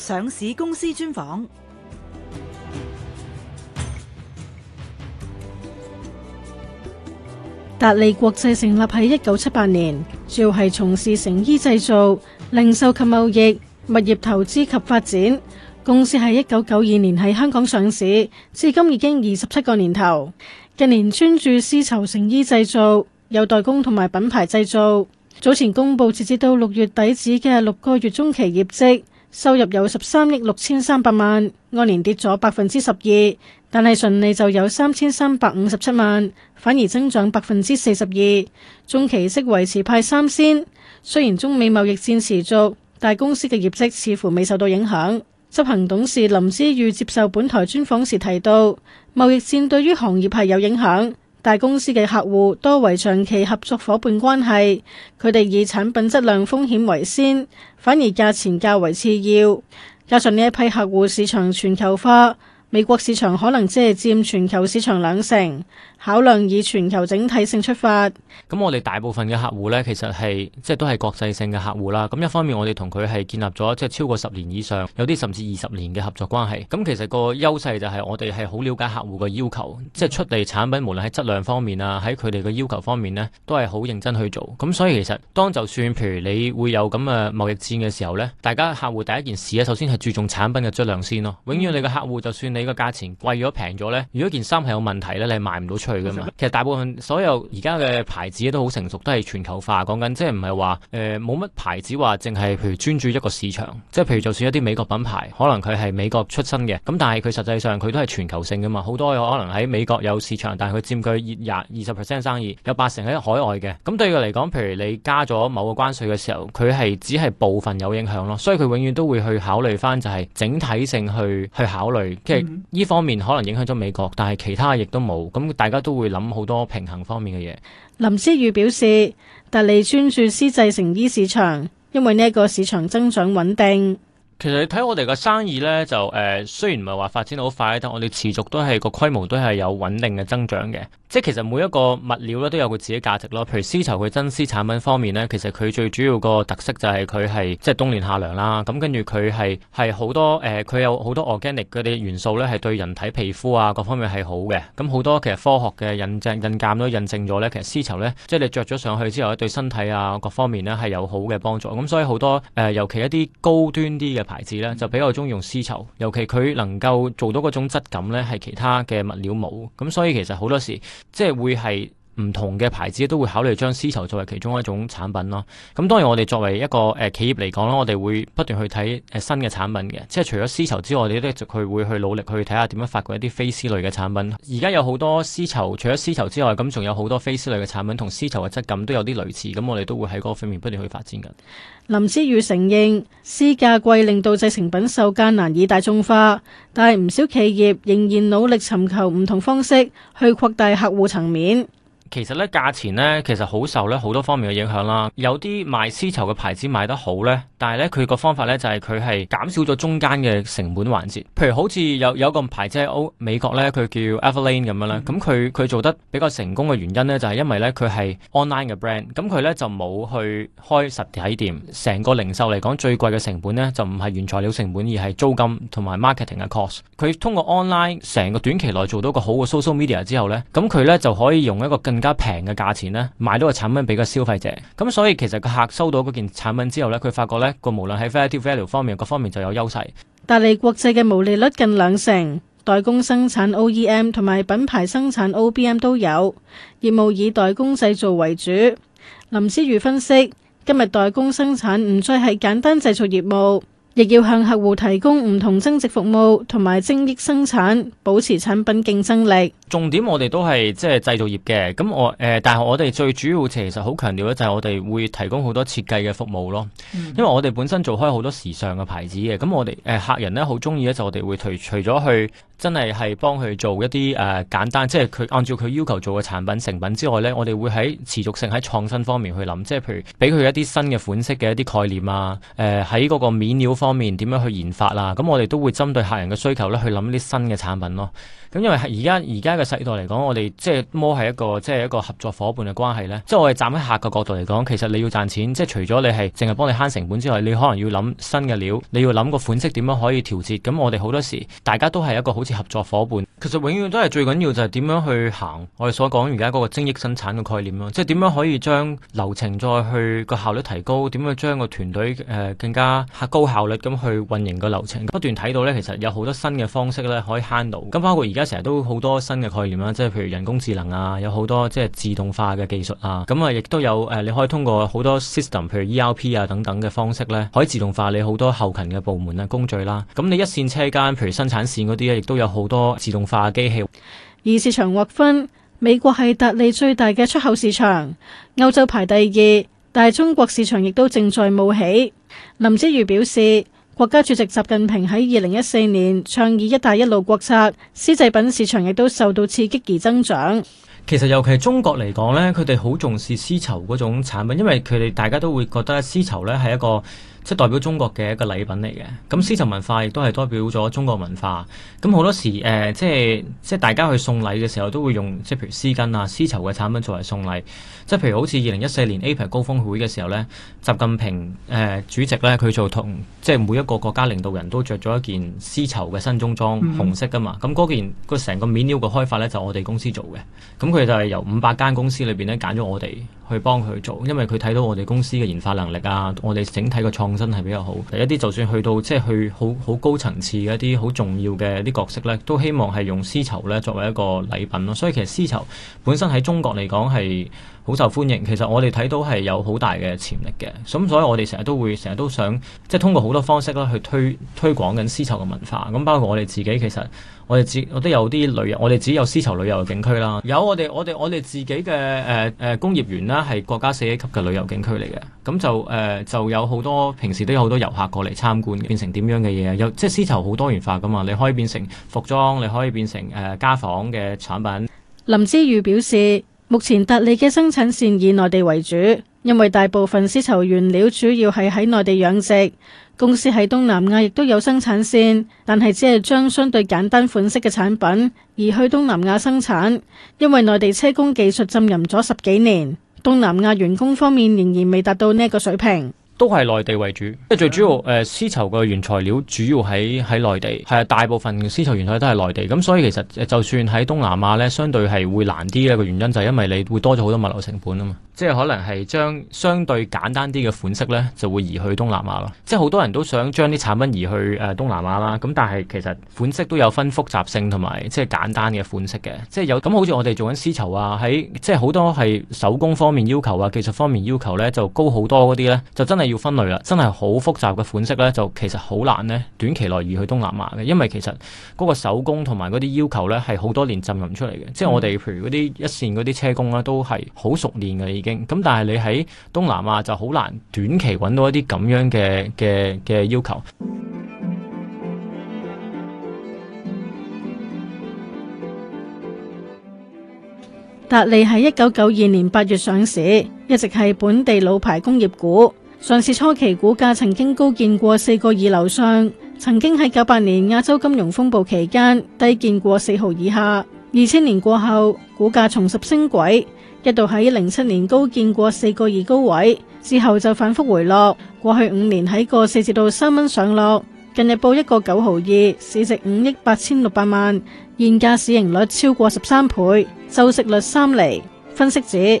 上市公司專訪達利國際成立喺一九七八年，主要係從事成衣製造、零售及貿易、物業投資及發展。公司喺一九九二年喺香港上市，至今已經二十七個年頭。近年專注絲綢成衣製造，有代工同埋品牌製造。早前公佈截至到六月底止嘅六個月中期業績。收入有十三億六千三百萬，按年跌咗百分之十二，但係純利就有三千三百五十七萬，反而增長百分之四十二。中期息維持派三仙，雖然中美貿易戰持續，但公司嘅業績似乎未受到影響。執行董事林知譽接受本台專訪時提到，貿易戰對於行業係有影響。大公司嘅客戶多為長期合作夥伴關係，佢哋以產品質量風險為先，反而價錢較為次要。加上呢一批客戶市場全球化。美國市場可能只係佔全球市場兩成，考量以全球整體性出發。咁我哋大部分嘅客戶呢，其實係即係都係國際性嘅客戶啦。咁一方面我哋同佢係建立咗即係超過十年以上，有啲甚至二十年嘅合作關係。咁其實個優勢就係我哋係好了解客戶嘅要求，即係出嚟產品無論喺質量方面啊，喺佢哋嘅要求方面呢，都係好認真去做。咁所以其實當就算譬如你會有咁嘅貿易戰嘅時候呢，大家客戶第一件事呢，首先係注重產品嘅質量先咯。永遠你嘅客戶就算你。呢個價錢貴咗平咗呢？如果件衫係有問題呢，你賣唔到出去噶嘛？其實大部分所有而家嘅牌子都好成熟，都係全球化講緊，即係唔係話誒冇乜牌子話淨係譬如專注一個市場，即係譬如就算一啲美國品牌，可能佢係美國出身嘅，咁但係佢實際上佢都係全球性噶嘛，好多可能喺美國有市場，但係佢佔據廿二十 percent 生意，有八成喺海外嘅。咁對佢嚟講，譬如你加咗某個關稅嘅時候，佢係只係部分有影響咯，所以佢永遠都會去考慮返就係整體性去去考慮，即係。呢方面可能影響咗美國，但係其他亦都冇，咁大家都會諗好多平衡方面嘅嘢。林知譽表示，達利專注絲製成衣市場，因為呢個市場增長穩定。其實你睇我哋嘅生意呢，就誒、呃，雖然唔係話發展好快，但我哋持續都係個規模都係有穩定嘅增長嘅。即係其實每一個物料咧都有佢自己價值咯，譬如絲綢嘅真絲產品方面咧，其實佢最主要個特色就係佢係即係冬暖夏涼啦。咁跟住佢係係好多誒，佢、呃、有好多 organic 嗰啲元素咧，係對人體皮膚啊各方面係好嘅。咁好多其實科學嘅印證印鑑都印證咗咧，其實絲綢咧，即係你着咗上去之後咧，對身體啊各方面咧係有好嘅幫助。咁所以好多誒、呃，尤其一啲高端啲嘅牌子咧，就比較中意用絲綢，尤其佢能夠做到嗰種質感咧，係其他嘅物料冇。咁所以其實好多時。即係會係。唔同嘅牌子都會考慮將絲綢作為其中一種產品咯。咁當然，我哋作為一個誒、呃、企業嚟講咧，我哋會不斷去睇誒新嘅產品嘅。即係除咗絲綢之外，我哋都佢會去努力去睇下點樣發掘一啲非絲類嘅產品。而家有好多絲綢，除咗絲綢之外，咁、嗯、仲有好多非絲類嘅產品，同絲綢嘅質感都有啲類似。咁、嗯、我哋都會喺嗰個方面不斷去發展嘅。林知譽承認，絲價貴令到製成品售價難以大眾化，但係唔少企業仍然努力尋求唔同方式去擴大客戶層面。其實咧，價錢咧其實好受咧好多方面嘅影響啦。有啲賣絲綢嘅牌子賣得好咧，但係咧佢個方法咧就係佢係減少咗中間嘅成本環節。譬如好似有有一個牌子喺歐美國咧，佢叫 Everlane 咁樣咧。咁佢佢做得比較成功嘅原因咧，就係因為咧佢係 online 嘅 brand。咁佢咧就冇去開實體店，成個零售嚟講最貴嘅成本咧就唔係原材料成本，而係租金同埋 marketing 嘅 cost。佢通過 online 成個短期內做到個好嘅 social media 之後咧，咁佢咧就可以用一個更更加平嘅價錢咧，買到個產品俾個消費者，咁所以其實個客收到嗰件產品之後呢，佢發覺呢個無論喺 val value 方面，各方面就有優勢。達利國際嘅毛利率近兩成，代工生產 OEM 同埋品牌生產 OBM 都有業務，以代工製造為主。林知譽分析，今日代工生產唔再係簡單製造業務，亦要向客戶提供唔同增值服務同埋精益生產，保持產品競爭力。重點我哋都係即係製造業嘅，咁我誒、呃，但係我哋最主要其實好強調咧，就係我哋會提供好多設計嘅服務咯。嗯、因為我哋本身做開好多時尚嘅牌子嘅，咁我哋誒、呃、客人咧好中意咧，就我哋會除除咗去真係係幫佢做一啲誒、呃、簡單，即係佢按照佢要求做嘅產品成品之外咧，我哋會喺持續性喺創新方面去諗，即係譬如俾佢一啲新嘅款式嘅一啲概念啊，誒喺嗰個面料方面點樣去研發啦、啊，咁我哋都會針對客人嘅需求咧去諗啲新嘅產品咯。咁因為而家而家。嘅世代嚟講，我哋即係摸係一個即係一個合作伙伴嘅關係呢。即係我哋站喺客嘅角度嚟講，其實你要賺錢，即係除咗你係淨係幫你慳成本之外，你可能要諗新嘅料，你要諗個款式點樣可以調節。咁我哋好多時大家都係一個好似合作伙伴。其實永遠都係最緊要就係點樣去行我哋所講而家嗰個精益生產嘅概念咯。即係點樣可以將流程再去個效率提高？點樣將個團隊誒更加高效率咁去運營個流程？不斷睇到呢，其實有好多新嘅方式呢可以慳到。咁包括而家成日都好多新嘅。概念啦，即係譬如人工智能啊，有好多即係自動化嘅技術啊，咁啊亦都有誒，你可以通過好多 system，譬如 ERP 啊等等嘅方式咧，可以自動化你好多後勤嘅部門啊工序、啦。咁你一線車間，譬如生產線嗰啲咧，亦都有好多自動化嘅機器。而市場劃分，美國係達利最大嘅出口市場，歐洲排第二，但係中國市場亦都正在冒起。林知譽表示。國家主席習近平喺二零一四年倡議“一帶一路”國策，絲製品市場亦都受到刺激而增長。其實，尤其係中國嚟講呢，佢哋好重視絲綢嗰種產品，因為佢哋大家都會覺得絲綢呢係一個。即代表中國嘅一個禮品嚟嘅，咁絲綢文化亦都係代表咗中國文化。咁好多時誒、呃、即係即係大家去送禮嘅時候，都會用即係譬如絲巾啊、絲綢嘅產品作為送禮，即係譬如好似二零一四年 APEC 高峰會嘅時候咧，習近平誒、呃、主席咧，佢就同即係每一個國家領導人都着咗一件絲綢嘅新中裝、嗯、紅色噶嘛。咁嗰件個成個面料嘅開發咧，就我哋公司做嘅。咁佢就係由五百間公司裏邊咧，揀咗我哋去幫佢做，因為佢睇到我哋公司嘅研發能力啊，我哋整體嘅創。真係比較好，一啲就算去到即係去好好高層次嘅一啲好重要嘅啲角色呢，都希望係用絲綢呢作為一個禮品咯。所以其實絲綢本身喺中國嚟講係好受歡迎，其實我哋睇到係有好大嘅潛力嘅，咁所以我哋成日都會成日都想，即係通過好多方式啦去推推廣緊絲綢嘅文化。咁包括我哋自己，其實我哋自我都有啲旅遊，我哋自己有絲綢旅遊嘅景區啦，有我哋我哋我哋自己嘅誒誒工業園啦，係國家四 A 級嘅旅遊景區嚟嘅，咁就誒、呃、就有好多平時都有好多遊客過嚟參觀，變成點樣嘅嘢？有即係絲綢好多元化㗎嘛，你可以變成服裝，你可以變成誒、呃、家紡嘅產品。林知譽表示。目前達利嘅生產線以內地為主，因為大部分絲綢原料主要係喺內地養殖。公司喺東南亞亦都有生產線，但係只係將相對簡單款式嘅產品移去東南亞生產，因為內地車工技術浸淫咗十幾年，東南亞員工方面仍然未達到呢一個水平。都係內地為主，即係最主要誒、呃、絲綢嘅原材料主要喺喺內地，係啊，大部分絲綢原材料都係內地，咁所以其實就算喺東南亞呢，相對係會難啲，呢個原因就係因為你會多咗好多物流成本啊嘛，即係可能係將相對簡單啲嘅款式呢就會移去東南亞咯，即係好多人都想將啲產品移去誒東南亞啦，咁但係其實款式都有分複雜性同埋即係簡單嘅款式嘅，即係有咁好似我哋做緊絲綢啊，喺即係好多係手工方面要求啊、技術方面要求呢就高好多嗰啲呢，就真係。要分類啦，真係好複雜嘅款式呢，就其實好難呢短期內移去東南亞嘅，因為其實嗰個手工同埋嗰啲要求呢，係好多年浸入出嚟嘅。嗯、即係我哋譬如嗰啲一線嗰啲車工咧，都係好熟練㗎已經。咁但係你喺東南亞就好難短期揾到一啲咁樣嘅嘅嘅要求。達利喺一九九二年八月上市，一直係本地老牌工業股。上市初期股價曾經高見過四個二樓上，曾經喺九八年亞洲金融風暴期間低見過四毫以下。二千年過後，股價重拾升軌，一度喺零七年高見過四個二高位，之後就反覆回落。過去五年喺個四至到三蚊上落，近日報一個九毫二，市值五億八千六百萬，現價市盈率超過十三倍，周息率三厘。分析指。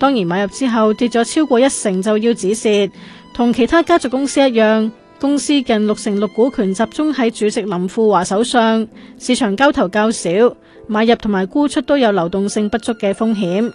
當然，買入之後跌咗超過一成就要止蝕，同其他家族公司一樣，公司近六成六股權集中喺主席林富華手上，市場交投較少，買入同埋沽出都有流動性不足嘅風險。